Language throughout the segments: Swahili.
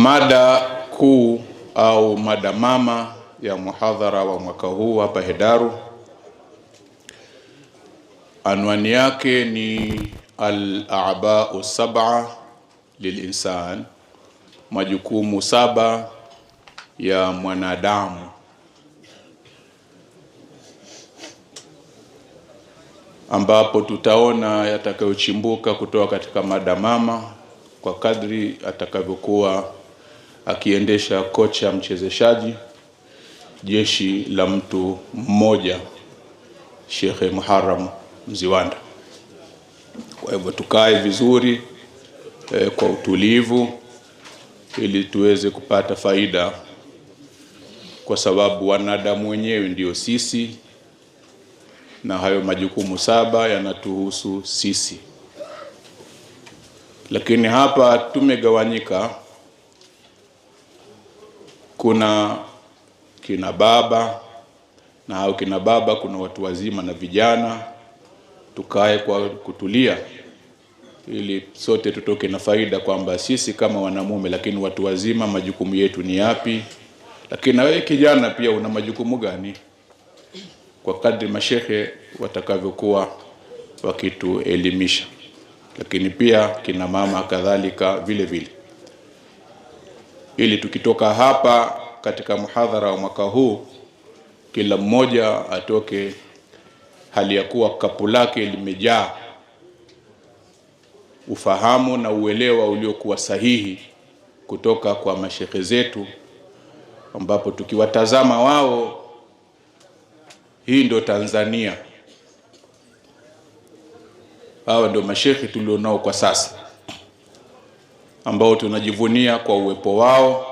Mada kuu au mada mama ya muhadhara wa mwaka huu hapa Hedaru, anwani yake ni al-a'ba'u sab'a lilinsan, majukumu saba ya mwanadamu. ambapo tutaona yatakayochimbuka kutoka katika mada mama kwa kadri atakavyokuwa akiendesha kocha mchezeshaji jeshi la mtu mmoja Shekhe Muharram Mziwanda. Kwa hivyo tukae vizuri eh, kwa utulivu ili tuweze kupata faida, kwa sababu wanadamu wenyewe ndio sisi, na hayo majukumu saba yanatuhusu sisi, lakini hapa tumegawanyika kuna kina baba na au kina baba, kuna watu wazima na vijana, tukae kwa kutulia ili sote tutoke na faida kwamba sisi kama wanamume, lakini watu wazima, majukumu yetu ni yapi? Lakini na wewe kijana pia una majukumu gani? Kwa kadri mashehe watakavyokuwa wakituelimisha, lakini pia kina mama kadhalika vile vile ili tukitoka hapa katika muhadhara wa mwaka huu kila mmoja atoke hali ya kuwa kapu lake limejaa ufahamu na uelewa uliokuwa sahihi kutoka kwa mashehe zetu, ambapo tukiwatazama wao, hii ndio Tanzania, hawa ndio mashehe tulionao kwa sasa ambao tunajivunia kwa uwepo wao,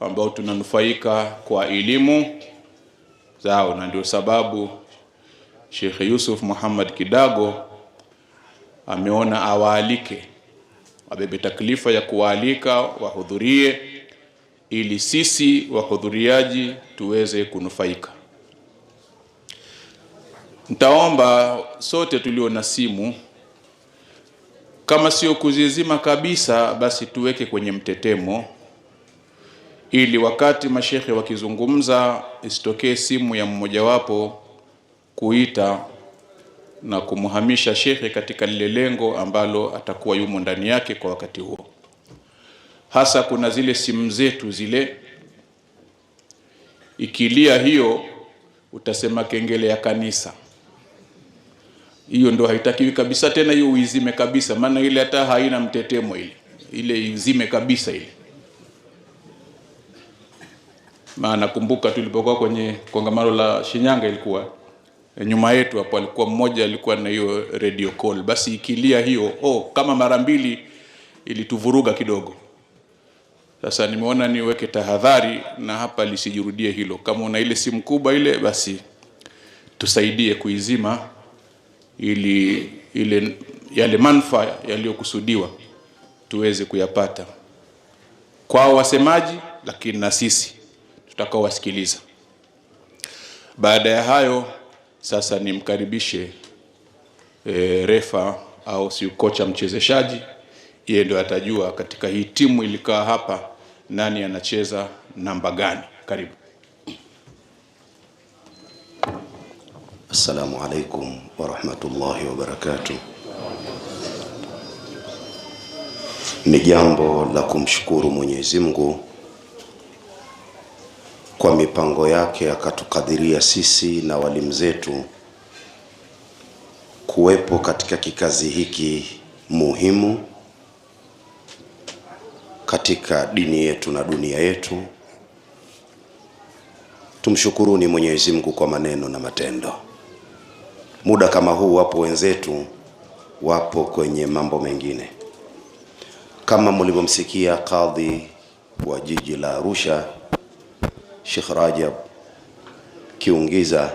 ambao tunanufaika kwa elimu zao, na ndio sababu Sheikh Yusuf Muhammad Kidago ameona awaalike, abebe taklifa ya kuwaalika wahudhurie, ili sisi wahudhuriaji tuweze kunufaika. Nitaomba sote tulio na simu kama sio kuzizima kabisa, basi tuweke kwenye mtetemo, ili wakati mashekhe wakizungumza isitokee simu ya mmojawapo kuita na kumhamisha shekhe katika lile lengo ambalo atakuwa yumo ndani yake kwa wakati huo. Hasa kuna zile simu zetu zile, ikilia hiyo utasema kengele ya kanisa hiyo ndo haitakiwi kabisa tena, hiyo uizime kabisa, maana ile hata haina mtetemo, ile ile izime kabisa ile. Maana kumbuka tulipokuwa kwenye kongamano la Shinyanga, ilikuwa nyuma yetu hapo, alikuwa mmoja alikuwa na hiyo radio call, basi ikilia hiyo oh, kama mara mbili ilituvuruga kidogo. Sasa nimeona niweke tahadhari na hapa lisijirudie hilo. Kama una ile simu kubwa ile, basi tusaidie kuizima ili ile yale manufaa yaliyokusudiwa tuweze kuyapata kwao wasemaji, lakini na sisi tutakaowasikiliza. Baada ya hayo sasa nimkaribishe e, refa au si kocha mchezeshaji, yeye ndio atajua katika hii timu ilikaa hapa nani anacheza namba gani. Karibu. Assalamu alaikum warahmatullahi wabarakatuh. Ni jambo la kumshukuru Mwenyezi Mungu kwa mipango yake akatukadiria sisi na walimu zetu kuwepo katika kikazi hiki muhimu katika dini yetu na dunia yetu. Tumshukuruni Mwenyezi Mungu kwa maneno na matendo muda kama huu, wapo wenzetu wapo kwenye mambo mengine. Kama mlivyomsikia kadhi wa jiji la Arusha Sheikh Rajab Kiungiza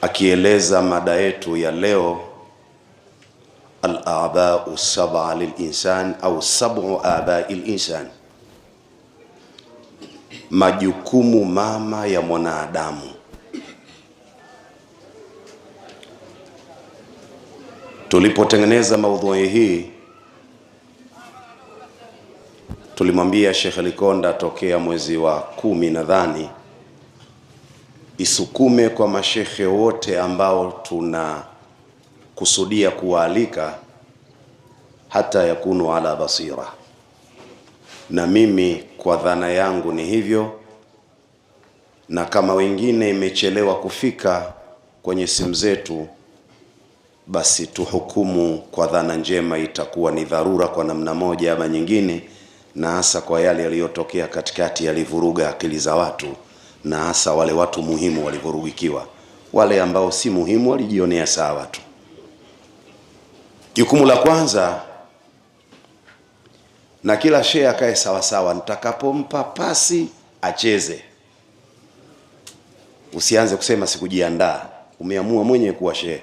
akieleza mada yetu ya leo, al-abau sab'a lilinsan au sab'u abai linsan, majukumu mama ya mwanadamu Tulipotengeneza maudhui hii tulimwambia Sheikh Likonda tokea mwezi wa kumi, nadhani isukume kwa mashekhe wote ambao tunakusudia kuwaalika, hata yakunu ala basira. Na mimi kwa dhana yangu ni hivyo, na kama wengine imechelewa kufika kwenye simu zetu basi tuhukumu kwa dhana njema, itakuwa ni dharura kwa namna moja ama nyingine, na hasa kwa yale yaliyotokea katikati, yalivuruga akili za watu, na hasa wale watu muhimu walivurugikiwa, wale ambao si muhimu walijionea sawa tu. Jukumu la kwanza, na kila shee akae sawasawa, nitakapompa pasi acheze. Usianze kusema sikujiandaa, umeamua mwenye kuwa shehe.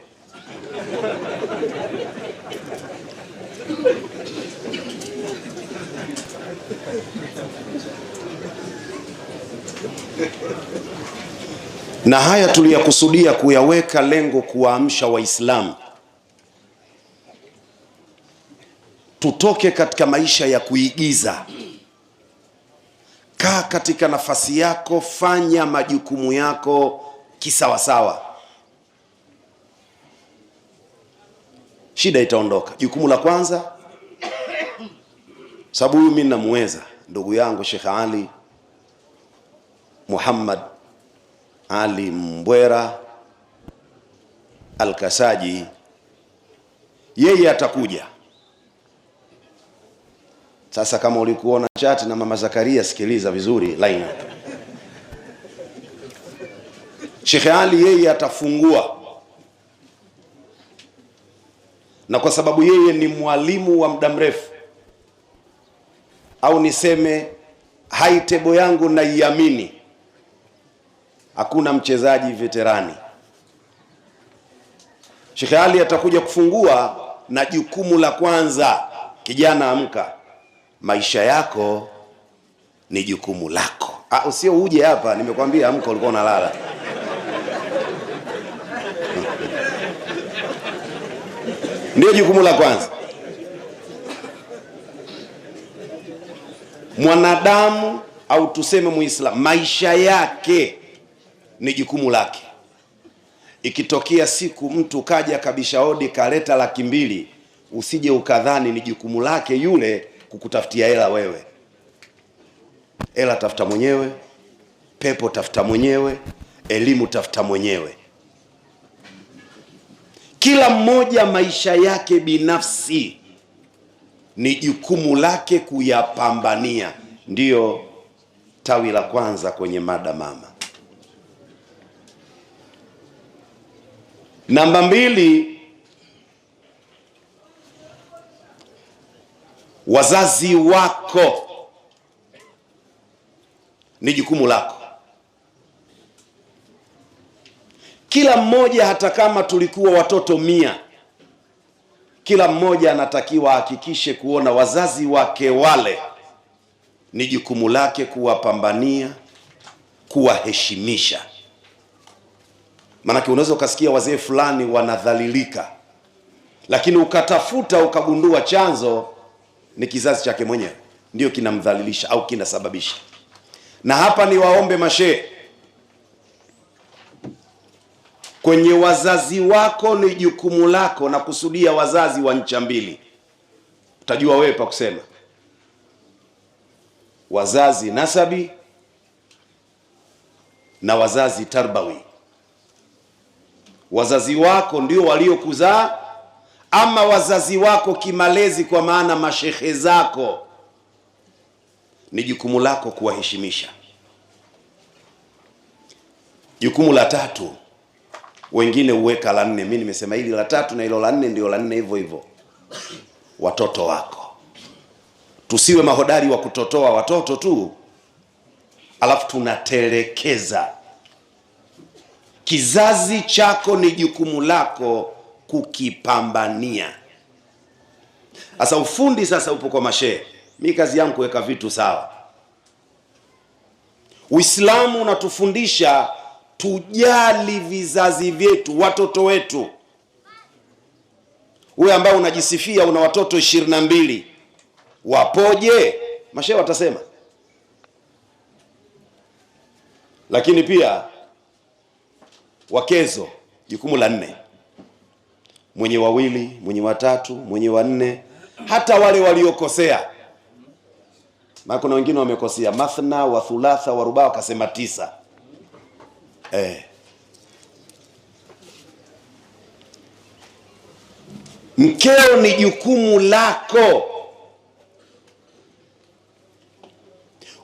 na haya tuliyakusudia kuyaweka lengo kuwaamsha Waislamu tutoke katika maisha ya kuigiza. Kaa katika nafasi yako, fanya majukumu yako kisawasawa, shida itaondoka. Jukumu la kwanza, sababu huyu mimi namuweza ndugu yangu Sheikh Ali Muhammad ali Mbwera Alkasaji, yeye atakuja. Sasa kama ulikuona chati na mama Zakaria, sikiliza vizuri line up. Sheikh Ali yeye atafungua, na kwa sababu yeye ni mwalimu wa muda mrefu, au niseme haitebo yangu naiamini hakuna mchezaji veterani. Sheikh Ali atakuja kufungua na jukumu la kwanza, kijana amka, maisha yako ni jukumu lako. Ah, usio uje hapa, nimekwambia amka, ulikuwa unalala. Ndio jukumu la kwanza. Mwanadamu au tuseme Muislamu, maisha yake ni jukumu lake. Ikitokea siku mtu kaja kabisha hodi kaleta laki mbili, usije ukadhani ni jukumu lake yule kukutafutia hela wewe. Hela tafuta mwenyewe, pepo tafuta mwenyewe, elimu tafuta mwenyewe. Kila mmoja maisha yake binafsi ni jukumu lake kuyapambania. Ndiyo tawi la kwanza kwenye mada mama. Namba mbili, wazazi wako ni jukumu lako. Kila mmoja hata kama tulikuwa watoto mia, kila mmoja anatakiwa ahakikishe kuona wazazi wake wale ni jukumu lake kuwapambania, kuwaheshimisha Maanake unaweza ukasikia wazee fulani wanadhalilika, lakini ukatafuta ukagundua chanzo ni kizazi chake mwenyewe ndio kinamdhalilisha au kinasababisha. Na hapa ni waombe mashehe, kwenye wazazi wako ni jukumu lako, na kusudia wazazi wa ncha mbili, utajua wewe pa kusema wazazi nasabi na wazazi tarbawi wazazi wako ndio waliokuzaa ama wazazi wako kimalezi, kwa maana mashehe zako. Ni jukumu lako kuwaheshimisha. Jukumu la tatu, wengine huweka la nne. Mimi nimesema hili la tatu na hilo la nne ndio la nne hivyo hivyo. Watoto wako, tusiwe mahodari wa kutotoa watoto tu alafu tunatelekeza Kizazi chako ni jukumu lako kukipambania. Sasa ufundi sasa upo kwa mashehe. Mi kazi yangu kuweka vitu sawa. Uislamu unatufundisha tujali vizazi vyetu, watoto wetu. Wewe ambao unajisifia una watoto ishirini na mbili, wapoje? Mashehe watasema, lakini pia Wakezo, jukumu la nne. Mwenye wawili, mwenye watatu, mwenye wanne, hata wale waliokosea. Maana kuna wengine wamekosea mathna wa thulatha wa rubaa, wakasema tisa. Eh, mkeo ni jukumu lako.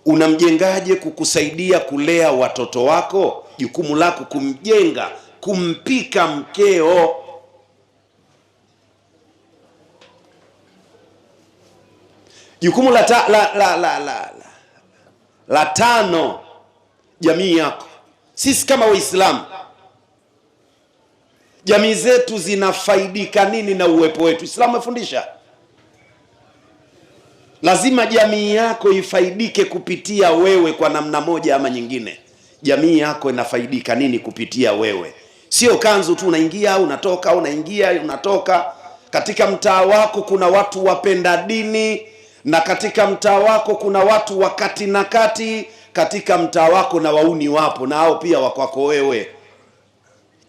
Unamjengaje kukusaidia kulea watoto wako? jukumu lako kumjenga, kumpika mkeo. Jukumu la, ta, la, la, la, la, la tano, jamii yako. Sisi kama Waislamu, jamii zetu zinafaidika nini na uwepo wetu? Islamu amefundisha lazima jamii yako ifaidike kupitia wewe kwa namna moja ama nyingine jamii yako inafaidika nini kupitia wewe. Sio kanzu tu, unaingia unatoka, unaingia unatoka. Katika mtaa wako kuna watu wapenda dini, na katika mtaa wako kuna watu wakati na kati, katika mtaa wako na wauni wapo, na hao pia wakwako wewe.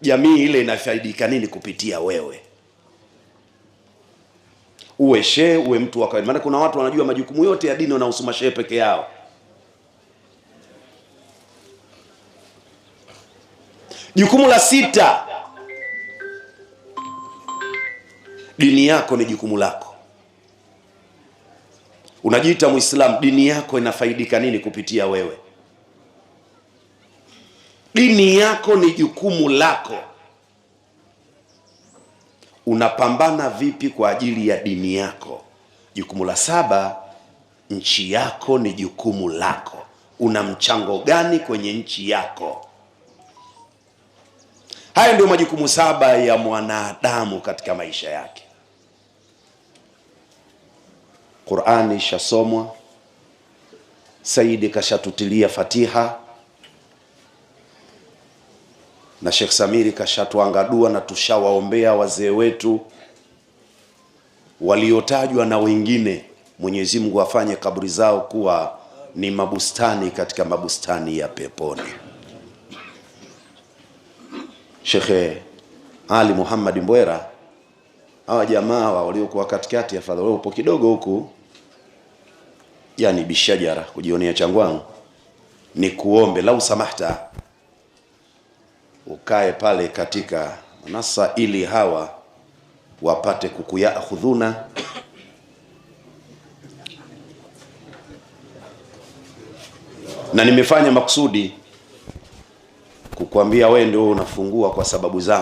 Jamii ile inafaidika nini kupitia wewe? Uwe shehe, uwe mtu wa kawaida, maana kuna watu wanajua majukumu yote ya dini wanahusu mashehe peke yao. Jukumu la sita, dini yako ni jukumu lako. Unajiita Muislamu, dini yako inafaidika nini kupitia wewe? Dini yako ni jukumu lako. Unapambana vipi kwa ajili ya dini yako? Jukumu la saba, nchi yako ni jukumu lako. Una mchango gani kwenye nchi yako? Haya ndio majukumu saba ya mwanadamu katika maisha yake. Qurani ishasomwa, Saidi kashatutilia fatiha na Sheikh Samiri kashatuanga dua na tushawaombea wazee wetu waliotajwa na wengine. Mwenyezi Mungu afanye kaburi zao kuwa ni mabustani katika mabustani ya peponi. Shekhe Ali Muhammad Mbwera, hawa jamaa wa waliokuwa katikati, afadhali upo kidogo huku, yani bishajara kujionea changwangu, ni kuombe lau samahta ukae pale katika nasa ili hawa wapate khudhuna na nimefanya maksudi kukuambia wewe ndio unafungua kwa sababu zangu.